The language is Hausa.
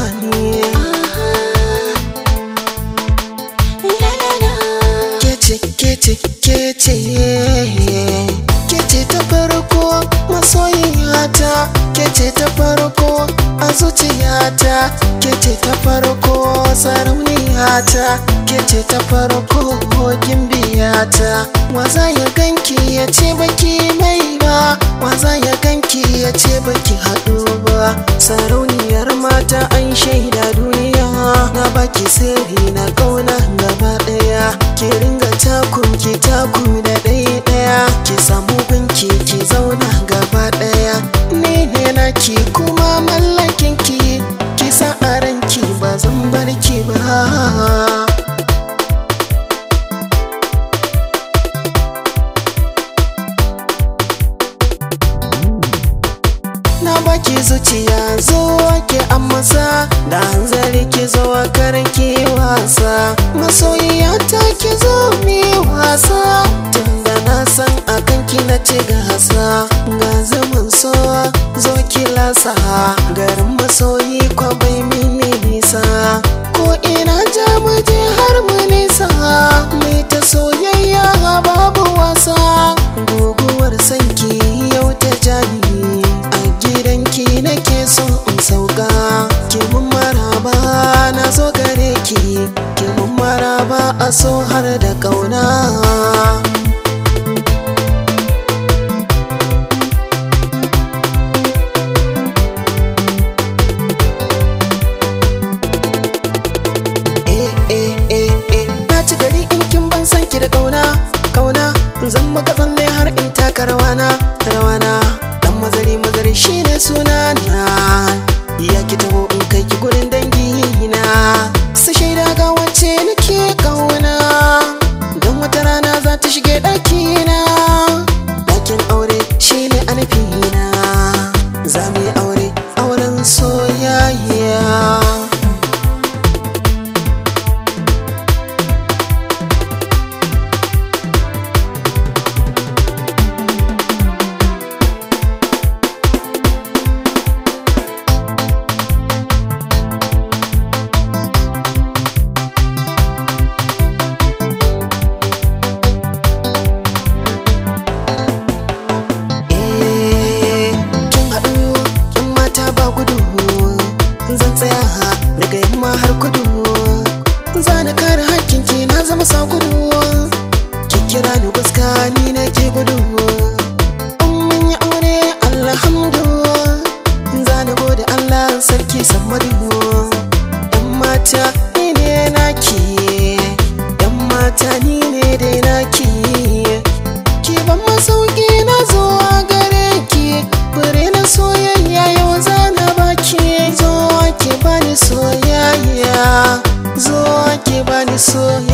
wani kece kece kece ta farko masoyiyata kece ta farko azuciyata zuciyata kece ta farko sarauniyata kece ta farko gimbiyata waza ya ganki ya ce baki mai ba waza ya ganki ya ce baki haɗu ba sarauni ta an shaida duniya na baki sirri na kauna gaba daya ki ringa takun ki taku da ɗaya ɗaya ki samu binki ki zauna gaba daya ni ne naki kuma mallakin ki ki sa a ba zan bar ki ba baki zuciya zuwa ke amasa da hanzari ki zuwa karin ki wasa masoyiya ta ki zo mi wasa tunda na san akan ki na ci gasa ga zaman sowa zo ki lasa garin masoyi kwabai a so har da ƙauna eh, eh, eh, da kauna kauna zan maka tsalle har in taka rawana rawana dan mazari mazari shine suna na ya she get a hakkin ki na zama sakuru ki kira ni gaska ni na ke gudu in mun yi aure alhamdu za na gode Allah sarki sammadu yan mata ni ne naki xưa